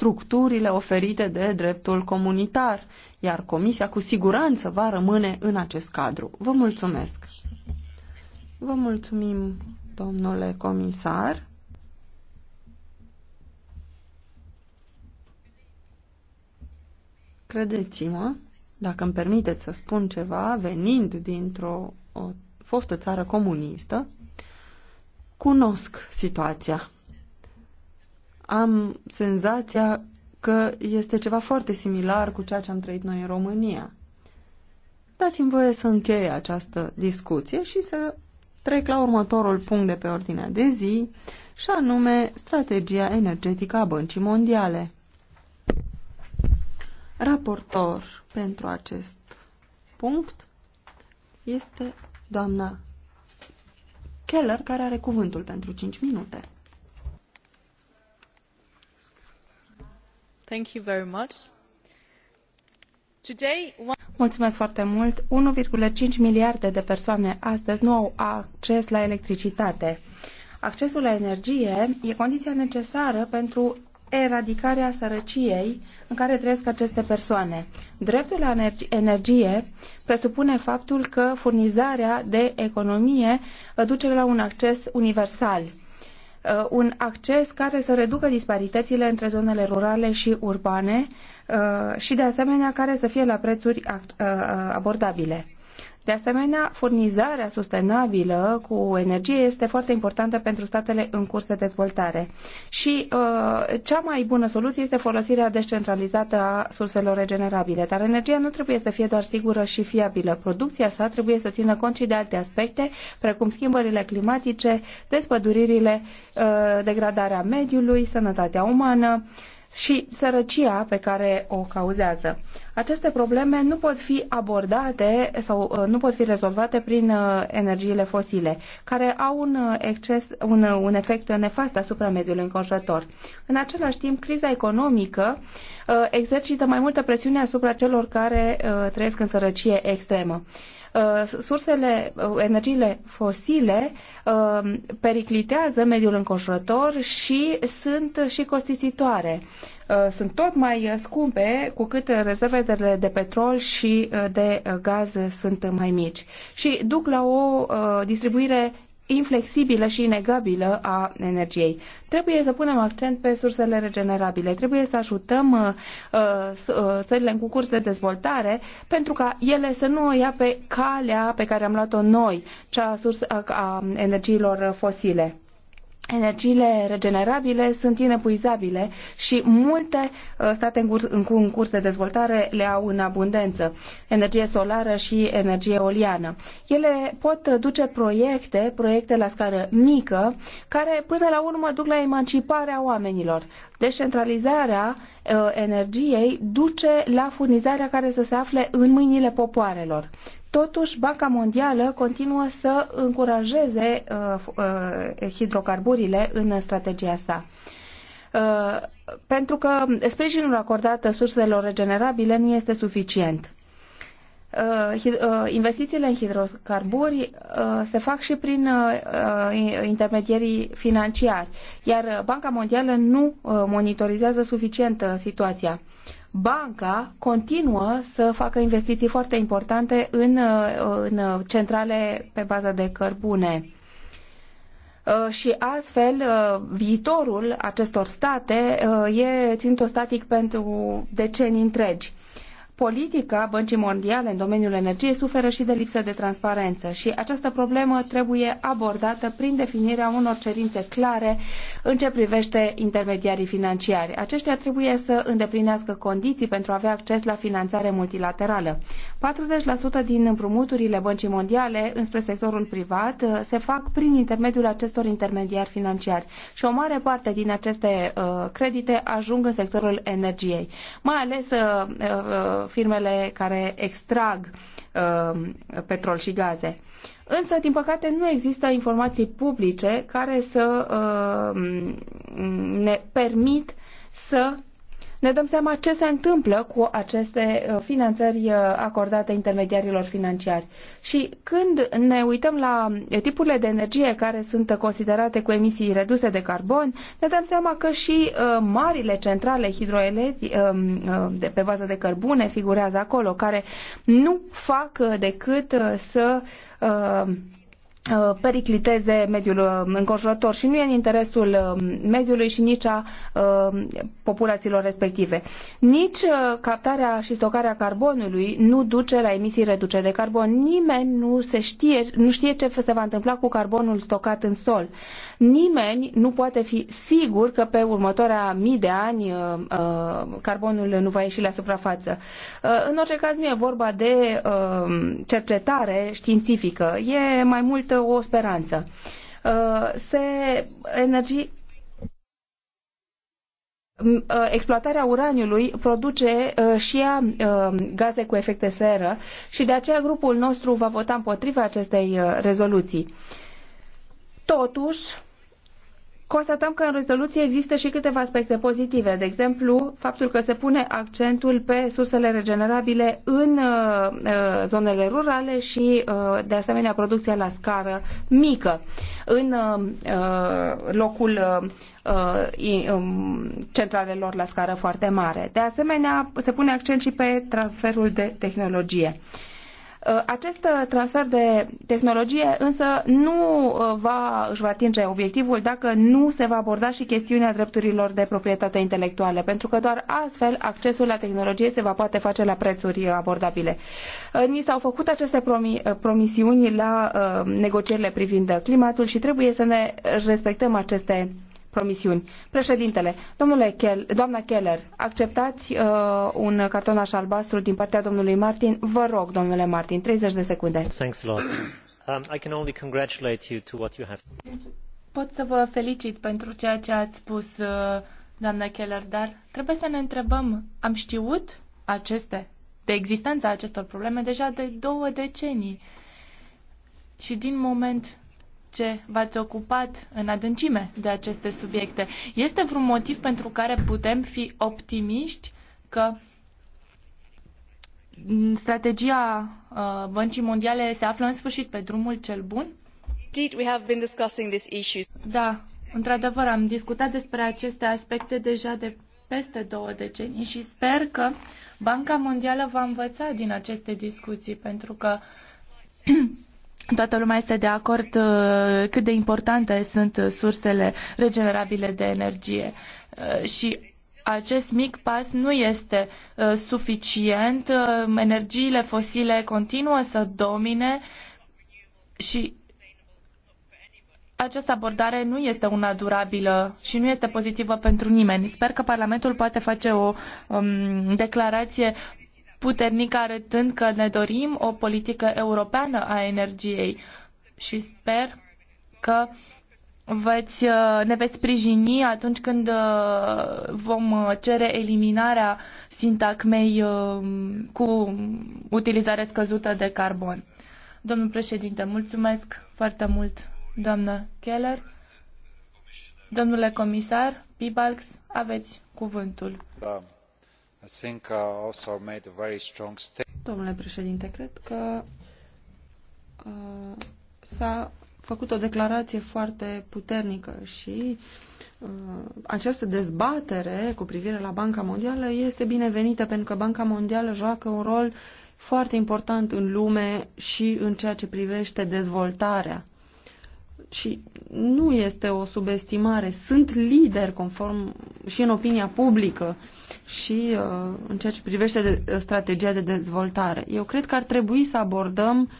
structurile oferite de dreptul comunitar, iar Comisia cu siguranță va rămâne în acest cadru. Vă mulțumesc! Vă mulțumim, domnule comisar. Credeți-mă, dacă îmi permiteți să spun ceva, venind dintr-o fostă țară comunistă, cunosc situația am senzația că este ceva foarte similar cu ceea ce am trăit noi în România. Dați-mi voie să închei această discuție și să trec la următorul punct de pe ordinea de zi, și anume strategia energetică a Băncii Mondiale. Raportor pentru acest punct este doamna Keller, care are cuvântul pentru 5 minute. Mulțumesc foarte mult. 1,5 miliarde de persoane astăzi nu au acces la electricitate. Accesul la energie e condiția necesară pentru eradicarea sărăciei în care trăiesc aceste persoane. Dreptul la energie presupune faptul că furnizarea de economie duce la un acces universal Uh, un acces care să reducă disparitățile între zonele rurale și urbane uh, și, de asemenea, care să fie la prețuri uh, abordabile. De asemenea, furnizarea sustenabilă cu energie este foarte importantă pentru statele în curs de dezvoltare. Și uh, cea mai bună soluție este folosirea descentralizată a surselor regenerabile. Dar energia nu trebuie să fie doar sigură și fiabilă. Producția sa trebuie să țină cont și de alte aspecte, precum schimbările climatice, despăduririle, uh, degradarea mediului, sănătatea umană, uh, și sărăcia pe care o cauzează. Aceste probleme nu pot fi abordate sau uh, nu pot fi rezolvate prin uh, energiile fosile, care au un, uh, exces, un, un efect nefast asupra mediului înconjurător. În același timp, criza economică exercită mai multă presiune asupra celor care trăiesc în sărăcie extremă. Uh, sursele, uh, energiile fosile uh, periclitează mediul înconjurător și sunt și costisitoare. Sunt tot mai scumpe cu cât rezervele de petrol și de gaz sunt mai mici și duc la o distribuire inflexibilă și inegabilă a energiei. Trebuie să punem accent pe sursele regenerabile, trebuie să ajutăm uh, uh, țările în curs de dezvoltare pentru ca ele să nu o ia pe calea pe care am luat-o noi, cea a, a, a energiilor fosile. Energiile regenerabile sunt inepuizabile și multe uh, state în curs, în curs de dezvoltare le au în abundență, energie solară și energie eoliană. Ele pot duce proiecte, proiecte la scară mică, care până la urmă duc la emanciparea oamenilor. Decentralizarea uh, energiei duce la furnizarea care să se afle în mâinile popoarelor. Totuși, Banca Mondială continuă să încurajeze uh, uh hidrocarburile în strategia sa. Uh, pentru că sprijinul acordat surselor regenerabile nu este suficient uh, investițiile în hidrocarburi se fac și prin intermedierii financiari, iar Banca Mondială nu monitorizează suficient situația banca continuă să facă investiții foarte importante în, uh, în centrale pe bază de cărbune. Uh, și astfel, uh, viitorul acestor state e ținut static pentru decenii întregi politica Băncii Mondiale în domeniul energiei suferă și de lipsă de transparență și această problemă trebuie abordată prin definirea unor cerințe clare în ce privește intermediarii financiari. Aceștia trebuie să îndeplinească condiții pentru a avea acces la finanțare multilaterală. 40% din împrumuturile Băncii Mondiale înspre sectorul privat uh, se fac prin intermediul acestor intermediari financiari și o mare parte din aceste uh, credite ajung în sectorul energiei, mai ales uh, firmele care extrag uh, petrol și gaze. Însă, din păcate, nu există informații publice care să uh, ne permit să ne dăm seama ce se întâmplă cu aceste uh, finanțări uh, acordate intermediarilor financiari. Și când ne uităm la tipurile de energie care sunt considerate cu emisii reduse de carbon, ne dăm seama că și uh, marile centrale hidroelezi de pe bază de cărbune figurează acolo, care nu fac decât să Uh, pericliteze mediul uh, înconjurător și nu e în interesul uh, mediului și nici a populațiilor respective. Nici captarea și stocarea carbonului nu duce la emisii reduce de carbon. Nimeni nu, se știe, nu știe ce se va întâmpla cu carbonul stocat în sol. Nimeni nu poate fi sigur că pe următoarea mii de ani carbonul nu va ieși la suprafață. În orice caz nu e vorba de cercetare științifică. E mai mult o speranță. Uh, se energie uh, exploatarea uraniului produce uh, și ea gaze cu efect de seră și de aceea grupul nostru va vota împotriva acestei rezoluții. Totuși, Constatăm că în rezoluție există și câteva aspecte pozitive, de exemplu, faptul că se pune accentul pe sursele regenerabile în uh, uh, zonele rurale și, uh, de asemenea, producția la scară mică. În locul um, centralelor la scară foarte mare. De asemenea, se pune accent și pe transferul de tehnologie. Uh, acest transfer de tehnologie însă nu uh, va, își va atinge obiectivul dacă nu se va aborda și chestiunea drepturilor de proprietate intelectuală, pentru că doar astfel accesul la tehnologie se va poate face la prețuri uh, abordabile. Ni s-au făcut aceste promi promisiuni la negocierile privind climatul și trebuie să ne respectăm aceste promisiuni. Președintele, domnule Kel, doamna Keller, acceptați uh, un așa albastru din partea domnului Martin? Vă rog, domnule Martin, 30 de secunde. Thanks a lot. Um, I can only congratulate you to what you have. Pot să vă felicit pentru ceea ce ați spus, uh, doamna Keller, dar trebuie să ne întrebăm, am știut aceste, de existența acestor probleme deja de două decenii. Și din moment ce v-ați ocupat în adâncime de aceste subiecte. Este vreun motiv pentru care putem fi optimiști că strategia uh, Băncii Mondiale se află în sfârșit pe drumul cel bun? Da, într-adevăr, am discutat despre aceste aspecte deja de peste două decenii și sper că Banca Mondială va învăța din aceste discuții, pentru că Toată lumea este de acord uh, cât de importante sunt sursele regenerabile de energie uh, și acest mic pas nu este uh, suficient. Energiile fosile continuă să domine și această abordare nu este una durabilă și nu este pozitivă pentru nimeni. Sper că Parlamentul poate face o um, declarație puternic arătând că ne dorim o politică europeană a energiei și sper că veți, uh, ne veți sprijini atunci când uh, vom uh, cere eliminarea sintagmei cu utilizare scăzută de carbon. Domnul președinte, mulțumesc foarte mult, doamnă Keller. Domnule comisar, Pibalx, aveți cuvântul. Da. Uh, Domnule președinte, cred că uh, s-a făcut o declarație foarte puternică și uh, această dezbatere cu privire la Banca Mondială este binevenită pentru că Banca Mondială joacă un rol foarte important în lume și în ceea ce privește dezvoltarea și nu este o subestimare, sunt lideri conform și în opinia publică și uh, în ceea ce privește de, uh, strategia de dezvoltare. Eu cred că ar trebui să abordăm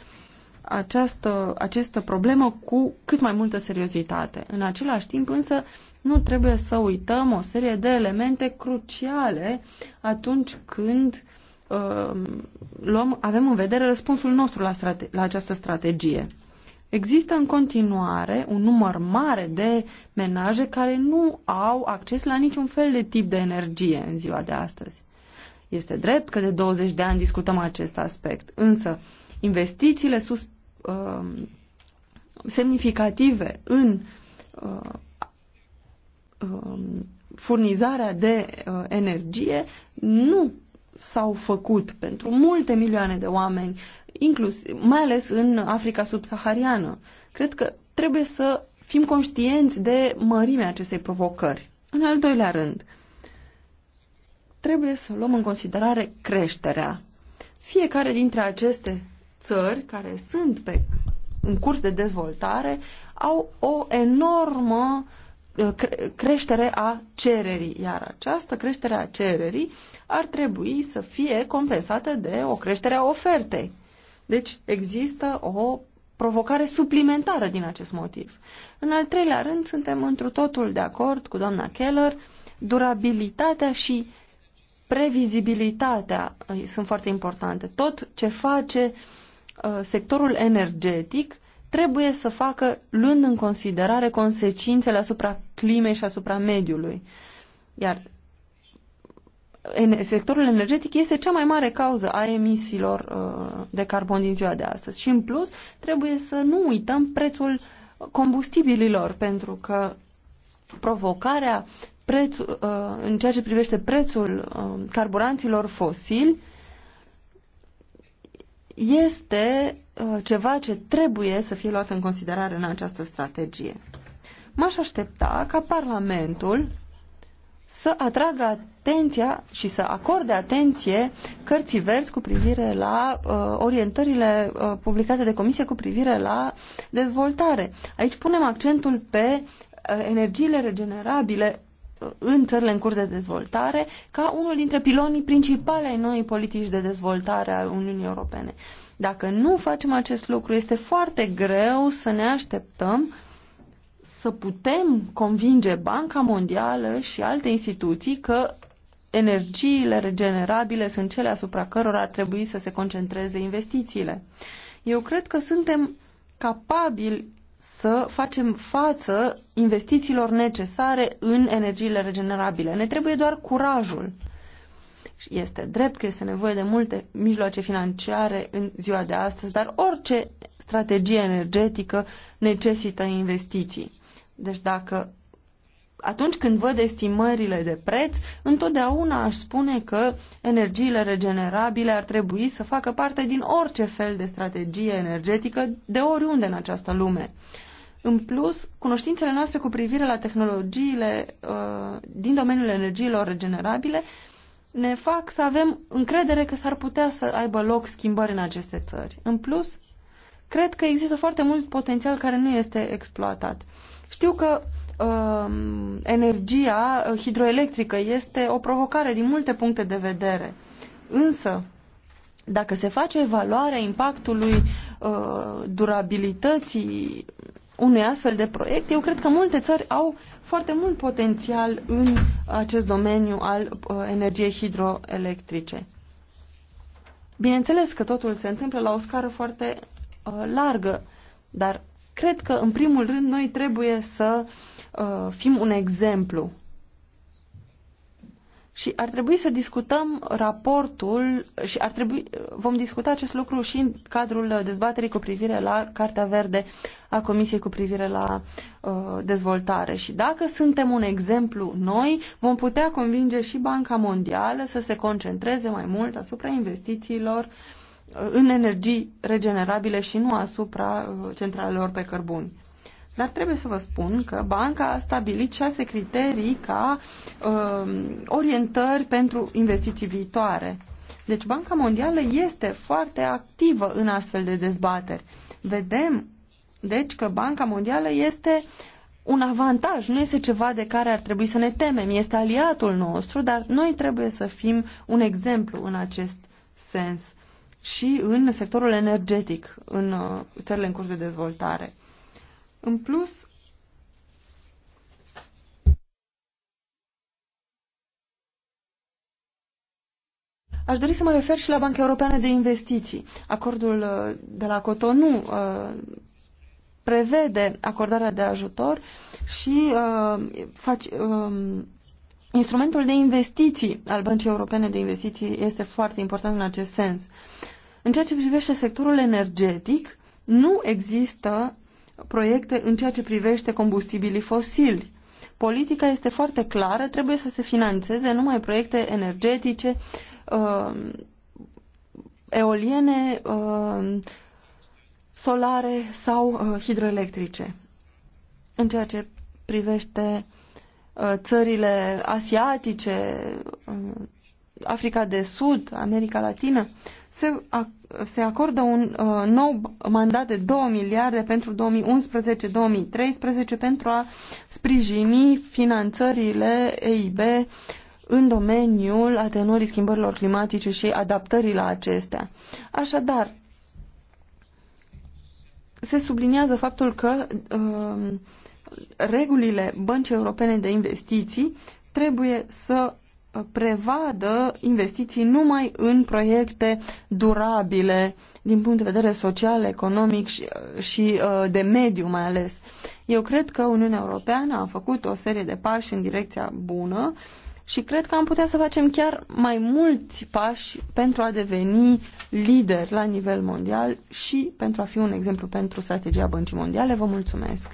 această, această problemă cu cât mai multă seriozitate. În același timp însă nu trebuie să uităm o serie de elemente cruciale atunci când uh, luăm, avem în vedere răspunsul nostru la, strate- la această strategie. Există în continuare un număr mare de menaje care nu au acces la niciun fel de tip de energie în ziua de astăzi. Este drept că de 20 de ani discutăm acest aspect, însă investițiile sus, uh, semnificative în uh, uh, furnizarea de uh, energie nu s-au făcut pentru multe milioane de oameni inclus, mai ales în Africa subsahariană. Cred că trebuie să fim conștienți de mărimea acestei provocări. În al doilea rând, trebuie să luăm în considerare creșterea. Fiecare dintre aceste țări care sunt pe, în curs de dezvoltare au o enormă uh, creștere a cererii, iar această creștere a cererii ar trebui să fie compensată de o creștere a ofertei. Deci există o provocare suplimentară din acest motiv. În al treilea rând, suntem întru totul de acord cu doamna Keller, durabilitatea și previzibilitatea uh, sunt foarte importante. Tot ce face uh, sectorul energetic trebuie să facă luând în considerare consecințele asupra climei și asupra mediului. Iar în sectorul energetic este cea mai mare cauză a emisiilor uh, de carbon din ziua de astăzi. Și în plus, trebuie să nu uităm prețul combustibililor, pentru că provocarea preț, uh, în ceea ce privește prețul um, carburanților fosili este uh, ceva ce trebuie să fie luat în considerare în această strategie. M-aș aștepta ca Parlamentul să atragă atenția și să acorde atenție cărții verzi cu privire la uh, orientările uh, publicate de comisie cu privire la dezvoltare. Aici punem accentul pe uh, energiile regenerabile uh, în țările în curs de dezvoltare ca unul dintre pilonii principale ai noii politici de dezvoltare a Uniunii Europene. Dacă nu facem acest lucru, este foarte greu să ne așteptăm uh, să putem convinge Banca Mondială și alte instituții că energiile regenerabile sunt cele asupra cărora ar trebui să se concentreze investițiile. Eu cred că suntem capabili să facem față investițiilor necesare în energiile regenerabile. Ne trebuie doar curajul. Este drept că este nevoie de multe mijloace financiare în ziua de astăzi, dar orice strategie energetică necesită investiții. Deci dacă atunci când văd estimările de preț, întotdeauna aș spune că energiile regenerabile ar trebui să facă parte din orice fel de strategie energetică de oriunde în această lume. În plus, cunoștințele noastre cu privire la tehnologiile uh, din domeniul energiilor regenerabile ne fac să avem încredere că s-ar putea să aibă loc schimbări în aceste țări. În plus, cred că există foarte mult potențial care nu este exploatat. Uh, știu că uh, energia hidroelectrică este o provocare din multe puncte de vedere. Însă, dacă se face evaluarea impactului uh, durabilității unui astfel de proiect, eu cred că multe țări au foarte mult potențial în acest domeniu al uh, energiei hidroelectrice. Bineînțeles că totul se întâmplă la o scară foarte uh, largă, dar Cred că, în primul rând, noi trebuie să uh, fim un exemplu. Și ar trebui să discutăm raportul și ar trebui, uh, vom discuta acest lucru și în cadrul uh, dezbaterii cu privire la Cartea Verde a Comisiei cu privire la uh, dezvoltare. Și dacă suntem un exemplu noi, vom putea convinge și Banca Mondială să se concentreze mai mult asupra investițiilor uh, în energii regenerabile și nu asupra uh, centralelor pe cărbun. Dar trebuie să vă spun că banca a stabilit șase criterii ca uh, orientări pentru investiții viitoare. Deci Banca Mondială este foarte activă în astfel de dezbateri. Vedem, deci, că Banca Mondială este un avantaj, nu este ceva de care ar trebui să ne temem, este aliatul nostru, dar noi trebuie să fim un exemplu în acest sens și în sectorul energetic în uh, țările în curs de dezvoltare. În plus, Aș dori să mă refer și la Banca Europeană de Investiții. Acordul uh, de la Cotonou uh, prevede acordarea de ajutor și uh, faci, uh, Instrumentul de investiții al Băncii Europene de Investiții este foarte important în acest sens. În ceea ce privește sectorul energetic, nu există proiecte în ceea ce privește combustibilii fosili. Politica este foarte clară, trebuie să se financeze numai proiecte energetice, uh, eoliene, uh, solare sau uh, hidroelectrice. În ceea ce privește uh, Uh, țările asiatice, uh, Africa de Sud, America Latină, se, se acordă un uh, nou mandat de 2 miliarde pentru 2011-2013 pentru a sprijini finanțările EIB în domeniul atenuării schimbărilor climatice și adaptării la acestea. Așadar, se subliniază faptul că uh, regulile Băncii Europene de Investiții trebuie să prevadă investiții numai în proiecte durabile din punct de vedere social, economic și, și uh, de mediu mai ales. Eu cred că Uniunea Europeană a făcut o serie de pași în direcția bună și cred că am putea să facem chiar mai mulți pași pentru a deveni lider la nivel mondial și pentru a fi un exemplu pentru strategia Băncii Mondiale. Vă mulțumesc!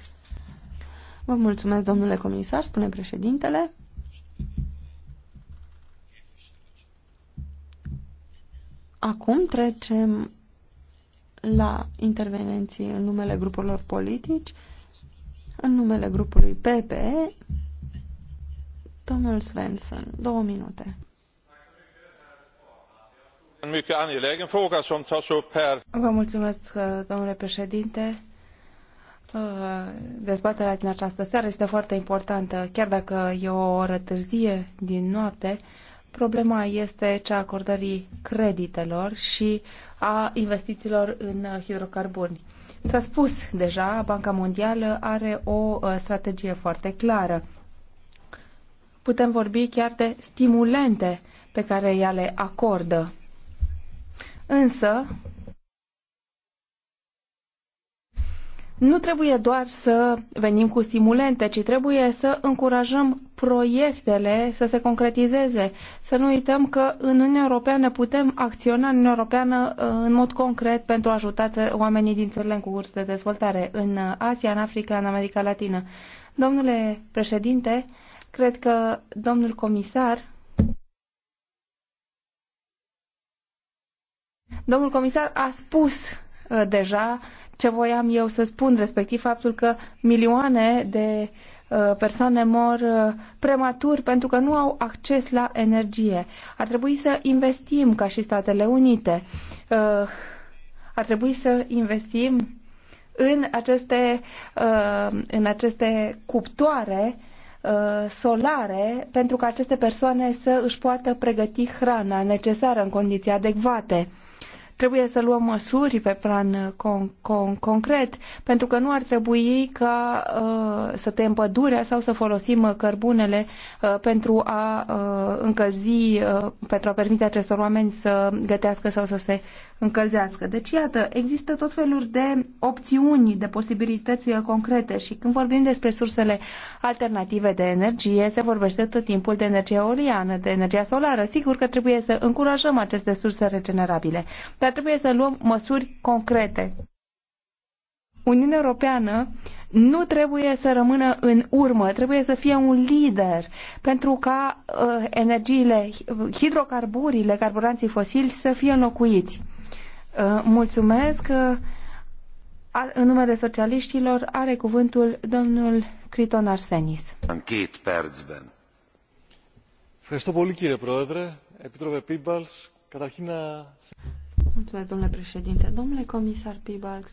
Vă mulțumesc, domnule comisar, spune președintele. Acum trecem la intervenții în numele grupurilor politici, în numele grupului PPE, domnul Svensson, două minute. Vă mulțumesc, domnule președinte. Uh, dezbaterea din această seară este foarte importantă, chiar dacă e o oră târzie din noapte. Problema este cea acordării creditelor și a investițiilor în hidrocarburi. S-a spus deja, Banca Mondială are o uh, strategie foarte clară. Putem vorbi chiar de stimulente pe care ea le acordă. Însă, nu trebuie doar să venim cu stimulente, ci trebuie să încurajăm proiectele să se concretizeze. Să nu uităm că în Uniunea Europeană putem acționa în Uniunea Europeană uh, în mod concret pentru a ajuta oamenii din țările în curs de dezvoltare, în Asia, în Africa, în America Latină. Domnule președinte, cred că domnul comisar Domnul comisar a spus uh, deja ce voiam eu să spun, respectiv faptul că milioane de uh, persoane mor uh, prematur pentru că nu au acces la energie. Ar trebui să investim ca și Statele Unite. Uh, ar trebui să investim în aceste, în aceste cuptoare solare pentru ca aceste persoane să își poată pregăti hrana necesară în condiții adecvate Trebuie să luăm măsuri pe plan uh, con- con- concret, pentru că nu ar trebui ca uh, să tăiem pădurea sau să folosim uh, cărbunele uh, pentru a uh, încălzi, uh, pentru a permite acestor oameni să gătească sau să se încălzească. Deci, iată, există tot felul de opțiuni, de posibilități uh, concrete și când vorbim despre sursele alternative de energie, se vorbește tot timpul de energie eoliană, de energia solară. Sigur că trebuie să încurajăm aceste surse regenerabile, dar trebuie să luăm măsuri concrete. Uniunea Europeană nu trebuie să rămână în urmă, trebuie să fie un lider pentru ca uh, energiile, hidrocarburile, carburanții fosili să fie înlocuiți. Uh, mulțumesc. Uh, în numele socialiștilor are cuvântul domnul Criton Arsenis. Închid perțben. Ευχαριστώ πολύ κύριε Πρόεδρε, Επίτροπε Πίμπαλς. Καταρχήν να... Mulțumesc, domnule președinte. Domnule comisar Pibalx,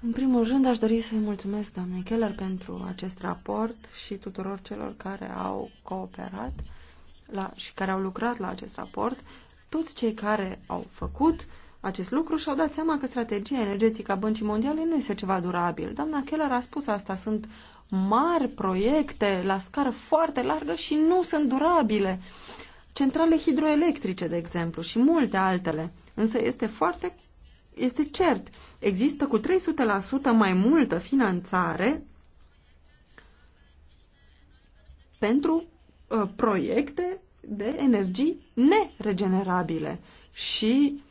în primul rând aș dori să-i mulțumesc doamnei Keller pentru acest raport și tuturor celor care au cooperat la, și care au lucrat la acest raport toți cei care au făcut acest lucru și-au dat seama că strategia energetică a Băncii Mondiale nu este ceva durabil. Doamna Keller a spus asta, sunt mari proiecte la scară foarte largă și nu sunt durabile. Centrale hidroelectrice, de exemplu, și multe altele. Însă este foarte este cert. Există cu 300% mai multă finanțare pentru uh, proiecte de energii neregenerabile și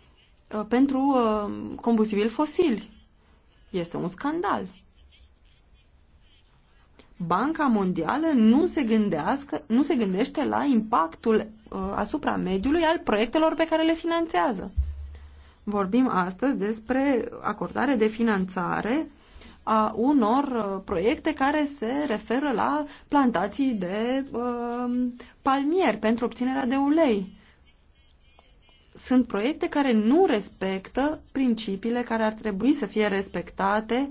uh, pentru uh, combustibili fosili. Este un scandal. Banca Mondială nu se, gândească, nu se gândește la impactul uh, asupra mediului al proiectelor pe care le finanțează. Vorbim astăzi despre acordare de finanțare a unor uh, proiecte care se referă la plantații de uh, palmieri pentru obținerea de ulei. Sunt proiecte care nu respectă principiile care ar trebui să fie respectate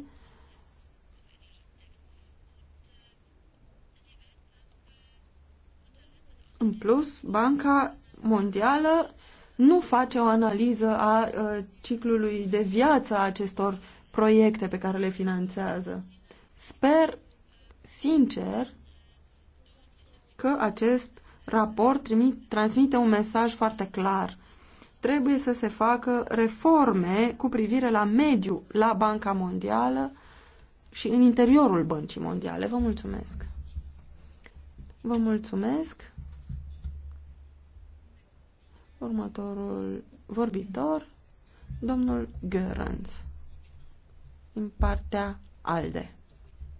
În plus, Banca Mondială nu face o analiză a uh, ciclului de viață a acestor proiecte pe care le finanțează. Sper, sincer, că acest raport trimit, transmite un mesaj foarte clar. Trebuie să se facă reforme cu privire la mediu la Banca Mondială și în interiorul Băncii Mondiale. Vă mulțumesc! Vă mulțumesc! Următorul vorbitor, domnul Görans din partea ALDE.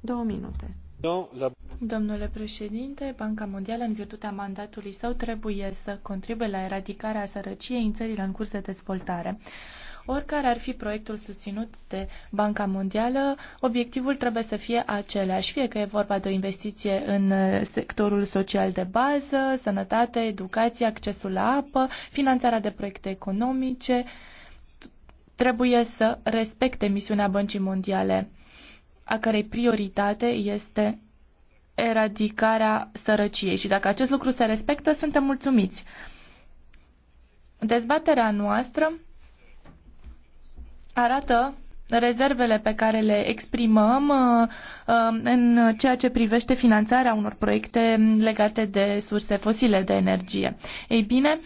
Două minute. Domnule președinte, Banca Mondială, în virtutea mandatului său, trebuie să contribuie la eradicarea sărăciei în țările în curs de dezvoltare. Oricare ar fi proiectul susținut de Banca Mondială, obiectivul trebuie să fie același, fie că e vorba de o investiție în uh, sectorul social de bază, sănătate, educație, accesul la apă, finanțarea de proiecte economice, trebuie să respecte misiunea Băncii Mondiale, a cărei prioritate este eradicarea sărăciei. Și dacă acest lucru se respectă, suntem mulțumiți. Dezbaterea noastră arată rezervele pe care le exprimăm uh, uh, în ceea ce privește finanțarea unor proiecte legate de surse fosile de energie. Ei bine,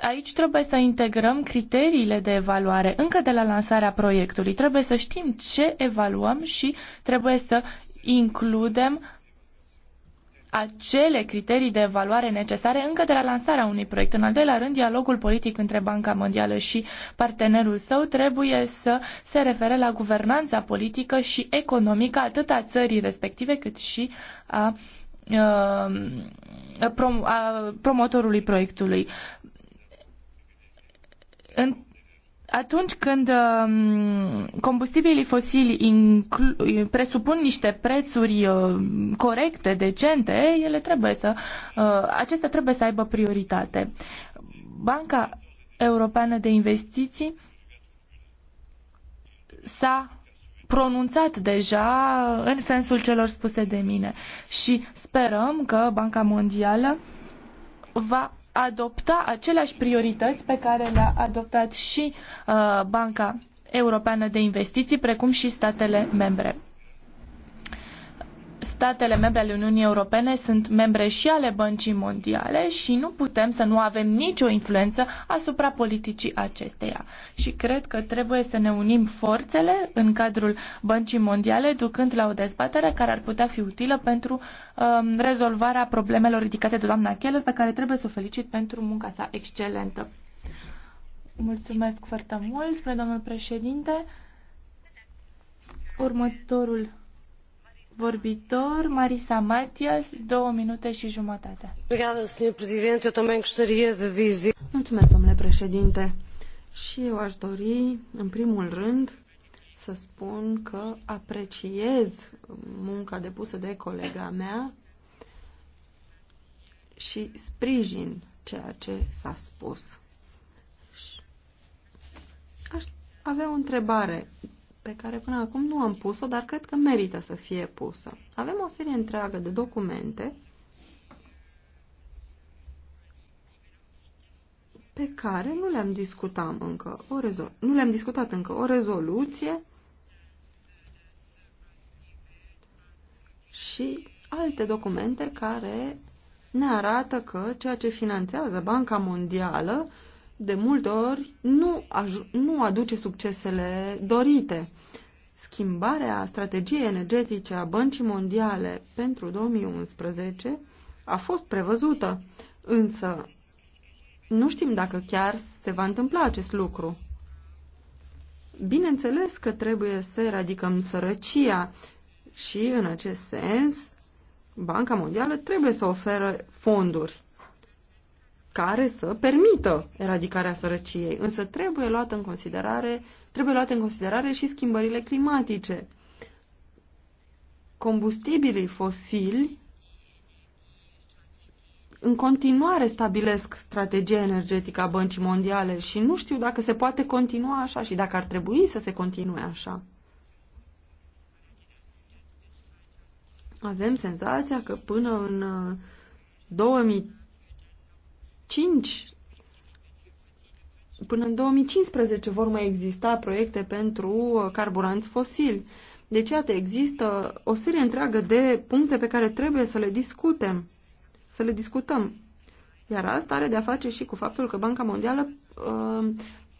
aici trebuie să integrăm criteriile de evaluare încă de la lansarea proiectului. Trebuie să știm ce evaluăm și trebuie să includem acele criterii de evaluare necesare încă de la lansarea unui proiect. În al doilea rând, dialogul politic între Banca Mondială și partenerul său trebuie să se refere la guvernanța politică și economică atât a țării respective cât și a, uh, a, a promotorului proiectului în atunci când um, combustibilii fosili presupun niște prețuri uh, corecte, decente, ele trebuie să, uh, acestea trebuie să aibă prioritate. Banca Europeană de Investiții s-a pronunțat deja în sensul celor spuse de mine și sperăm că Banca Mondială va adopta aceleași priorități pe care le-a adoptat și uh, Banca Europeană de Investiții, precum și statele membre statele membre ale Uniunii Europene sunt membre și ale Băncii Mondiale și nu putem să nu avem nicio influență asupra politicii acesteia. Și cred că trebuie să ne unim forțele în cadrul Băncii Mondiale, ducând la o dezbatere care ar putea fi utilă pentru um, rezolvarea problemelor ridicate de doamna Keller, pe care trebuie să o felicit pentru munca sa excelentă. Mulțumesc foarte mult, spre domnul președinte. Următorul vorbitor, Marisa Matias, două minute și jumătate. Mulțumesc, domnule președinte. Și eu aș dori, în primul rând, să spun că apreciez munca depusă de colega mea și sprijin ceea ce s-a spus. Aș avea o întrebare pe care până acum nu am pus-o, dar cred că merită să fie pusă. Avem o serie întreagă de documente pe care nu le-am discutat încă o rezol- nu le-am discutat încă o rezoluție și alte documente care ne arată că ceea ce finanțează Banca Mondială de multe ori nu, nu aduce succesele dorite. Schimbarea strategiei energetice a Băncii Mondiale pentru 2011 a fost prevăzută, însă nu știm dacă chiar se va întâmpla acest lucru. Bineînțeles că trebuie să eradicăm sărăcia și, în acest sens, Banca Mondială trebuie să oferă fonduri care să permită eradicarea sărăciei, însă trebuie luată în considerare, trebuie luată în considerare și schimbările climatice. Combustibilii fosili în continuare stabilesc strategia energetică a Băncii Mondiale și nu știu dacă se poate continua așa și dacă ar trebui să se continue așa. Avem senzația că până în 2000 uh, 5 până în 2015 vor mai exista proiecte pentru uh, carburanți fosili. Deci, iată, există o serie întreagă de puncte pe care trebuie să le discutem. Să le discutăm. Iar asta are de-a face și cu faptul că Banca Mondială uh,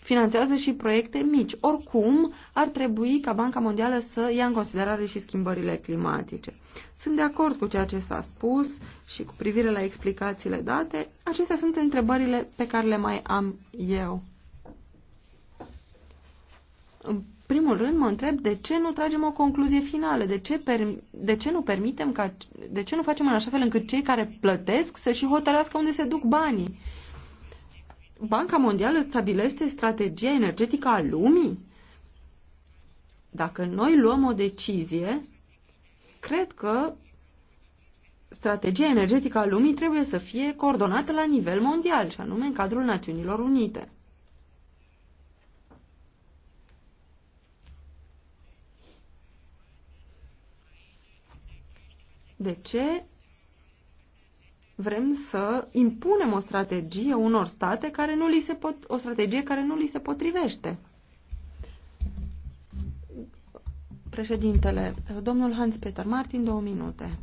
finanțează și proiecte mici. Oricum, ar trebui ca Banca Mondială să ia în considerare și schimbările climatice. Sunt de acord cu ceea ce s-a spus și cu privire la explicațiile date. Acestea sunt întrebările pe care le mai am eu. În primul rând mă întreb de ce nu tragem o concluzie finală, de ce, per, de ce nu permitem ca, de ce nu facem în așa fel încât cei care plătesc să și hotărească unde se duc banii. Banca Mondială stabilește strategia energetică a lumii? Dacă noi luăm o decizie, cred că strategia energetică a lumii trebuie să fie coordonată la nivel mondial, și anume în cadrul Națiunilor Unite. De ce vrem să impunem o strategie unor state care nu li se pot, o strategie care nu li se potrivește. Președintele, domnul Hans Peter Martin, două minute.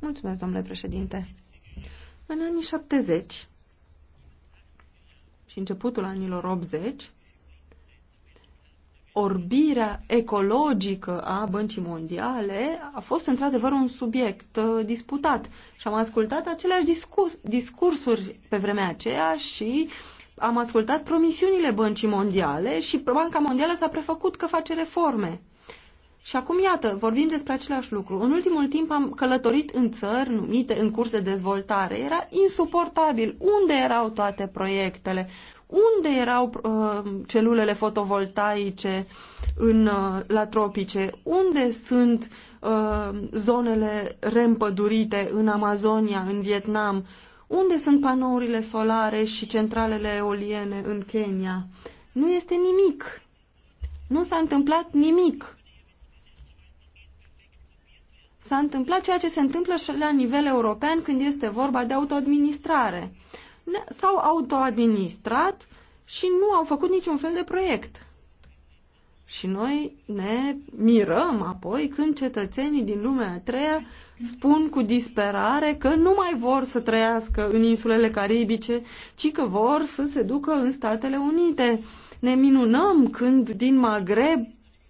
Mulțumesc, domnule președinte. În anii 70 și începutul anilor 80, orbirea ecologică a Băncii Mondiale a fost într-adevăr un subiect uh, disputat și am ascultat aceleași discurs, discursuri pe vremea aceea și am ascultat promisiunile Băncii Mondiale și Banca Mondială s-a prefăcut că face reforme. Și acum, iată, vorbim despre același lucru. În ultimul timp am călătorit în țări numite în curs de dezvoltare. Era insuportabil. Unde erau toate proiectele? unde erau uh, celulele fotovoltaice în, uh, la tropice, unde sunt uh, zonele rempădurite în Amazonia, în Vietnam, unde sunt panourile solare și centralele eoliene în Kenya. Nu este nimic. Nu s-a întâmplat nimic. S-a întâmplat ceea ce se întâmplă și la nivel european când este vorba de autoadministrare s-au autoadministrat și nu au făcut niciun fel de proiect. Și noi ne mirăm apoi când cetățenii din lumea a treia spun cu disperare că nu mai vor să trăiască în insulele caribice, ci că vor să se ducă în Statele Unite. Ne minunăm când din Maghreb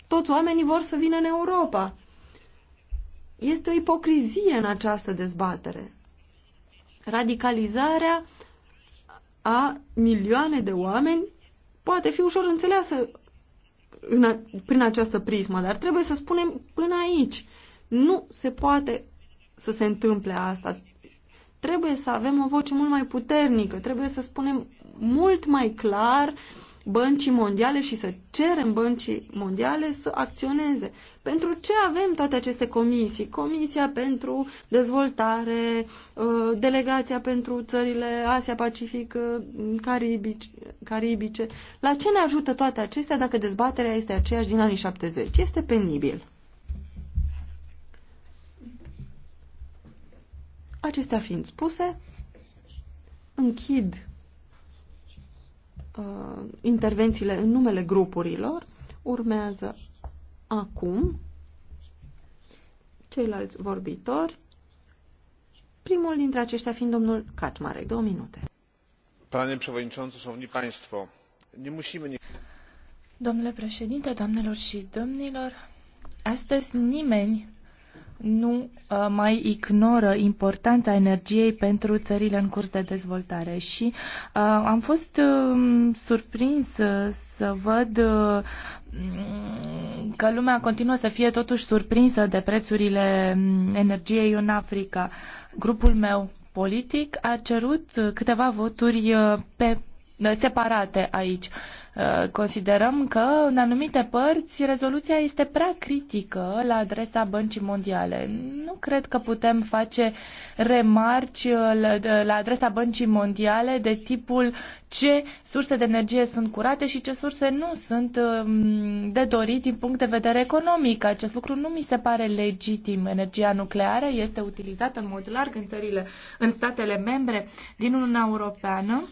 toți oamenii vor să vină în Europa. Este o ipocrizie în această dezbatere. Radicalizarea a milioane de oameni poate fi ușor înțeleasă în a, prin această prismă, dar trebuie să spunem până aici. Nu se poate să se întâmple asta. Trebuie să avem o voce mult mai puternică, trebuie să spunem mult mai clar uh, băncii mondiale și să cerem băncii mondiale să acționeze. Pentru ce avem toate aceste comisii? Comisia pentru dezvoltare, uh, delegația pentru țările Asia-Pacific, uh, Caribici, Caribice. La ce ne ajută toate acestea dacă dezbaterea este aceeași din anii 70? Este penibil. Acestea fiind spuse, închid uh, intervențiile în numele grupurilor. Urmează acum ceilalți vorbitori, primul dintre aceștia fiind domnul Kaczmarek. Două minute. Panie Przewodniczący, Szanowni Państwo, nie musimy... Nie... Domnule președinte, doamnelor și domnilor, astăzi nimeni nu uh, mai ignoră importanța energiei pentru țările în curs de dezvoltare și uh, am fost um, surprins uh, să văd că lumea continuă să fie totuși surprinsă de prețurile um, energiei în Africa. Grupul meu politic a cerut câteva voturi pe, separate aici Uh, considerăm că în anumite părți rezoluția este prea critică la adresa băncii mondiale. Nu cred că putem face remarci uh, uh, la adresa băncii mondiale de tipul ce surse de energie sunt curate și ce surse nu sunt um, de dorit din punct de vedere economic. Acest lucru nu mi se pare legitim. Energia nucleară este utilizată în mod larg în țările, în statele membre din Uniunea Europeană,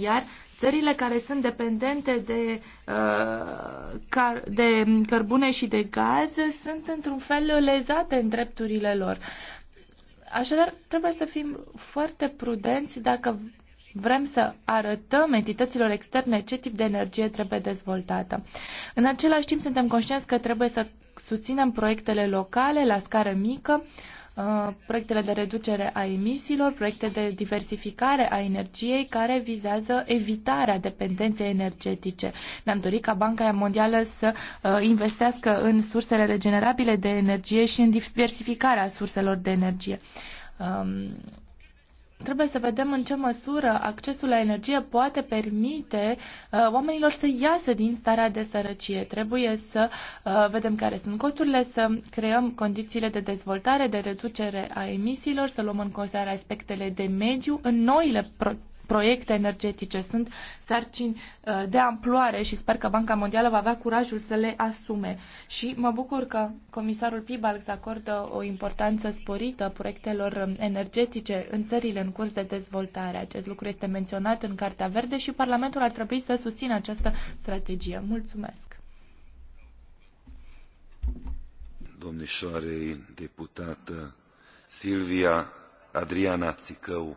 iar Țările care sunt dependente de, uh, de cărbune și de gaz sunt într-un fel lezate în drepturile lor. Așadar, trebuie să fim foarte prudenți dacă vrem să arătăm entităților externe ce tip de energie trebuie dezvoltată. În același timp, suntem conștienți că trebuie să susținem proiectele locale la scară mică, uh, Uh, proiectele de reducere a emisiilor, proiecte de diversificare a energiei care vizează evitarea dependenței energetice. Ne-am dorit ca Banca Mondială să uh, investească în sursele regenerabile de energie și în diversificarea surselor de energie. Um, trebuie să vedem în ce măsură accesul la energie poate permite uh, oamenilor să iasă din starea de sărăcie. Trebuie să uh, vedem care sunt costurile, să creăm condițiile de dezvoltare, de reducere a emisiilor, să luăm în considerare aspectele de mediu în noile pro- proiecte energetice. Sunt sarcini uh, de amploare și sper că Banca Mondială va avea curajul să le asume. Și mă bucur că comisarul Pibalx acordă o importanță sporită proiectelor um, energetice în țările în curs de dezvoltare. Acest lucru este menționat în Cartea Verde și Parlamentul ar trebui să susțină această strategie. Mulțumesc! domnișoarei deputată Silvia Adriana Țicău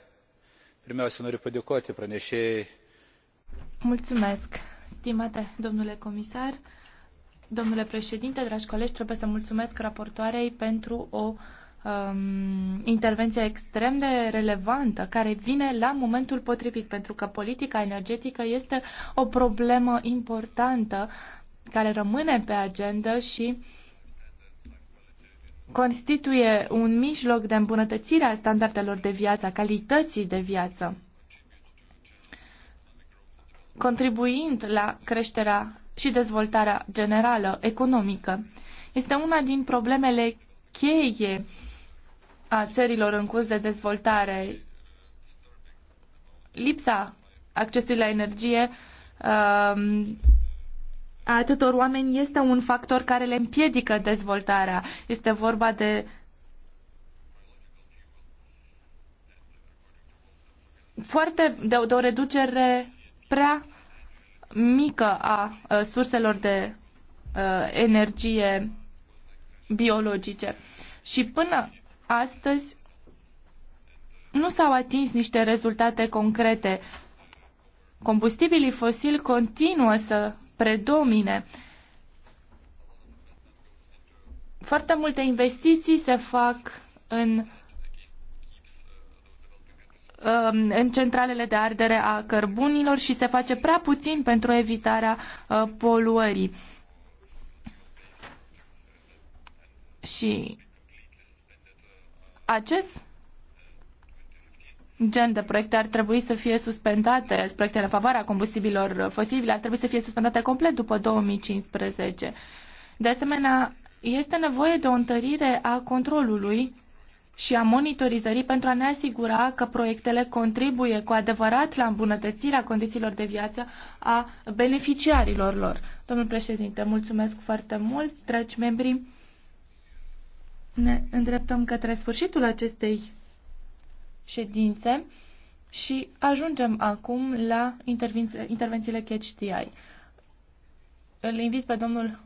Pirmiausia, noriu padėkoti pranešėjai. Mulțumesc, stimate domnule comisar. Domnule președinte, dragi colegi, trebuie să mulțumesc raportoarei pentru o um, intervenție extrem de relevantă care vine la momentul potrivit, pentru că politica energetică este o problemă importantă care rămâne pe agenda și uh, constituie un mijloc de îmbunătățire a standardelor de viață, a calității de viață, contribuind la creșterea și dezvoltarea generală economică. Este una din problemele cheie a țărilor în curs de dezvoltare. Lipsa accesului la energie um, a atâtor oameni este un factor care le împiedică dezvoltarea. Este vorba de foarte de, de o reducere prea mică a, a surselor de a, energie biologice. Și până astăzi nu s-au atins niște rezultate concrete. Combustibilii fosili continuă să predomine. Foarte multe investiții se fac în um, în centralele de ardere a cărbunilor și se face prea puțin pentru evitarea uh, poluării. Și acest gen de proiecte ar trebui să fie suspendate, proiectele în favoarea combustibilor fosibili ar trebui să fie suspendate complet după 2015. De asemenea, este nevoie de o întărire a controlului și a monitorizării pentru a ne asigura că proiectele contribuie cu adevărat la îmbunătățirea condițiilor de viață a beneficiarilor lor. Domnul președinte, mulțumesc foarte mult, dragi membri. Ne îndreptăm către sfârșitul acestei ședințe și ajungem acum la intervenț- intervențiile CatchDI. Îl invit pe domnul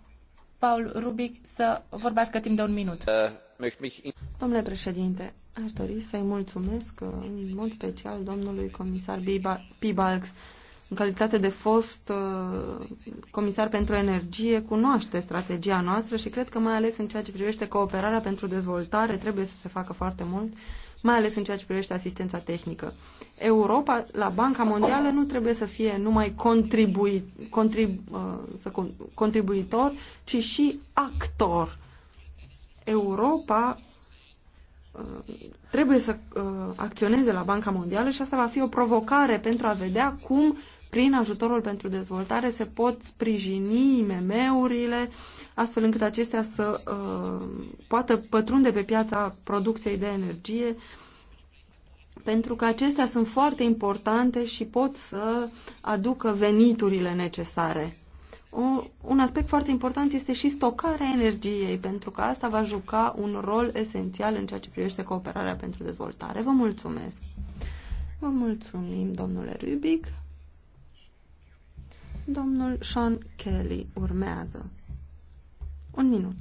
Paul Rubic să vorbească timp de un minut. Uh, Domnule președinte, aș dori să-i mulțumesc în mod special domnului comisar Pibalx. În calitate de fost uh, comisar pentru energie, cunoaște strategia noastră și cred că mai ales în ceea ce privește cooperarea pentru dezvoltare trebuie să se facă foarte mult mai ales în ceea ce privește asistența tehnică. Europa, la Banca Mondială, nu trebuie să fie numai contribui, contrib, uh, să, contribuitor, ci și actor. Europa uh, trebuie să uh, acționeze la Banca Mondială și asta va fi o provocare pentru a vedea cum prin ajutorul pentru dezvoltare se pot sprijini IMM-urile astfel încât acestea să uh, poată pătrunde pe piața producției de energie pentru că acestea sunt foarte importante și pot să aducă veniturile necesare. O, un aspect foarte important este și stocarea energiei, pentru că asta va juca un rol esențial în ceea ce privește cooperarea pentru dezvoltare. Vă mulțumesc! Vă mulțumim, domnule Rubic. Domnul Sean Kelly urmează. Un minut.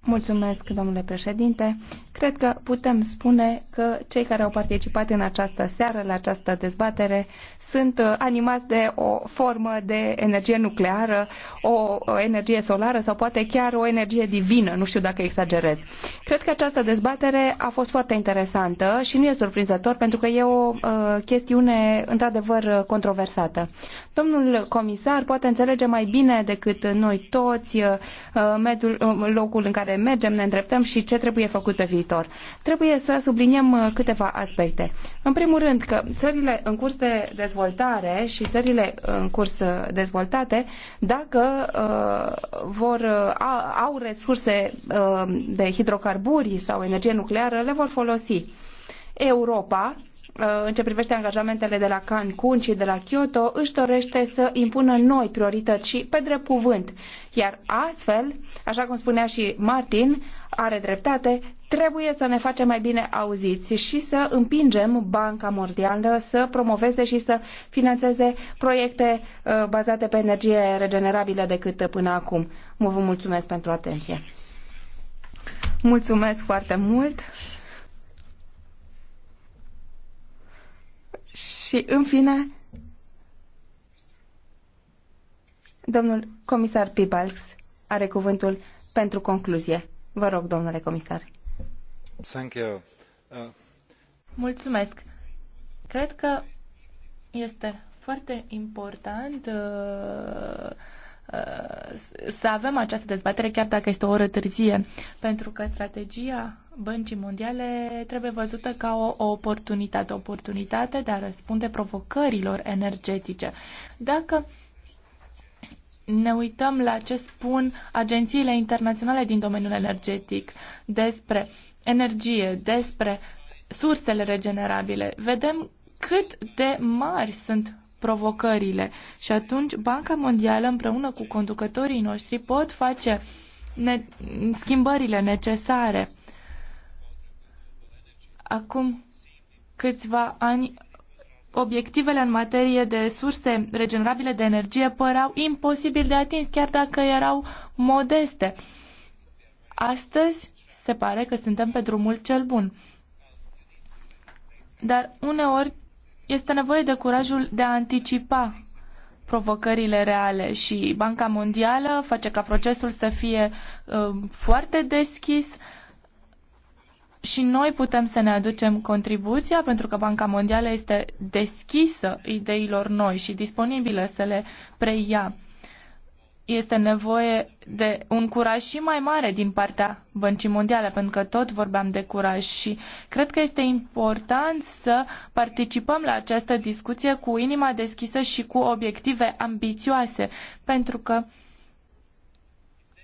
Mulțumesc, domnule președinte. Cred că putem spune că cei care au participat în această seară, la această dezbatere, sunt uh, animați de o formă de energie nucleară, o energie solară sau poate chiar o energie divină, nu știu dacă exagerez. Cred că această dezbatere a fost foarte interesantă și nu e surprinzător pentru că e o uh, chestiune într-adevăr controversată. Domnul comisar poate înțelege mai bine decât noi toți uh, mediul, locul în care mergem, ne îndreptăm și ce trebuie făcut pe viitor viitor. Trebuie să subliniem uh, câteva aspecte. În primul rând că țările în curs de dezvoltare și țările în curs uh, dezvoltate, dacă uh, vor, uh, au resurse uh, de hidrocarburi sau energie nucleară, le vor folosi. Europa, uh, în ce privește angajamentele de la Cancun și de la Kyoto, își dorește să impună noi priorități și pe drept cuvânt. Iar astfel, așa cum spunea și Martin, are dreptate, Trebuie să ne facem mai bine auziți și să împingem Banca Mondială să promoveze și să finanțeze proiecte uh, bazate pe energie regenerabilă decât până acum. Mă vă mulțumesc pentru atenție. Mulțumesc foarte mult. Și în fine, domnul comisar Pibalx are cuvântul pentru concluzie. Vă rog, domnule comisar. Uh, Mulțumesc. Cred că este foarte important uh, uh, să avem această dezbatere, chiar dacă este o oră târzie, pentru că strategia băncii mondiale trebuie văzută ca o, o oportunitate, o oportunitate de a răspunde provocărilor energetice. Dacă ne uităm la ce spun agențiile internaționale din domeniul energetic despre uh, energie, despre sursele regenerabile, vedem cât de mari sunt provocările. Și atunci Banca Mondială împreună cu conducătorii noștri pot face ne- schimbările necesare. Acum câțiva ani obiectivele în materie de surse regenerabile de energie păreau imposibil de atins, chiar dacă erau modeste. Astăzi se pare că suntem pe drumul cel bun. Dar uneori este nevoie de curajul de a anticipa provocările reale și Banca Mondială face ca procesul să fie uh, foarte deschis și noi putem să ne aducem contribuția pentru că Banca Mondială este deschisă ideilor noi și disponibilă să le preia este nevoie de un curaj și mai mare din partea Băncii Mondiale, pentru că tot vorbeam de curaj și cred că este important să participăm la această discuție cu inima deschisă și cu obiective ambițioase, pentru că uh,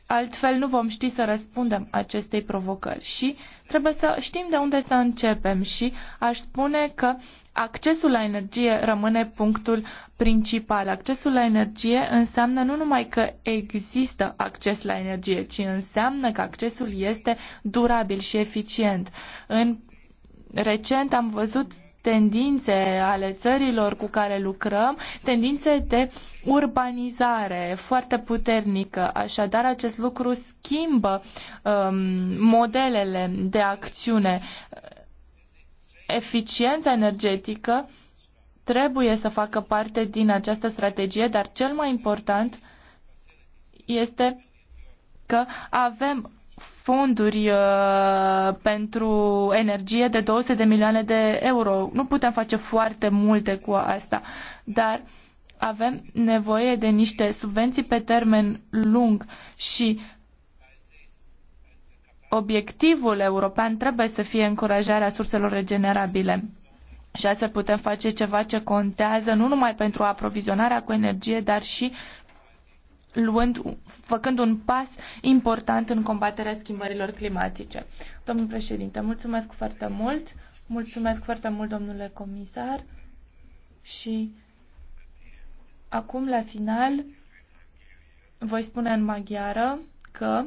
Altfel nu vom ști să răspundem acestei provocări și trebuie să știm de unde să începem și aș spune că accesul la energie rămâne punctul principal. Accesul la energie înseamnă nu numai că există acces la energie, ci înseamnă că accesul este durabil și eficient. În recent am văzut tendințe ale țărilor cu care lucrăm, tendințe de urbanizare foarte puternică. Așadar, acest lucru schimbă um, modelele de acțiune. Eficiența energetică trebuie să facă parte din această strategie, dar cel mai important este că avem fonduri uh, pentru energie de 200 de milioane de euro. Nu putem face foarte multe cu asta, dar avem nevoie de niște subvenții pe termen lung și obiectivul european trebuie să fie încurajarea surselor regenerabile. Și astfel putem face ceva ce contează nu numai pentru aprovizionarea cu energie, dar și luând, făcând un pas important în combaterea schimbărilor climatice. Domnul președinte, mulțumesc foarte mult, mulțumesc foarte mult, domnule comisar, și acum, la final, voi spune în maghiară că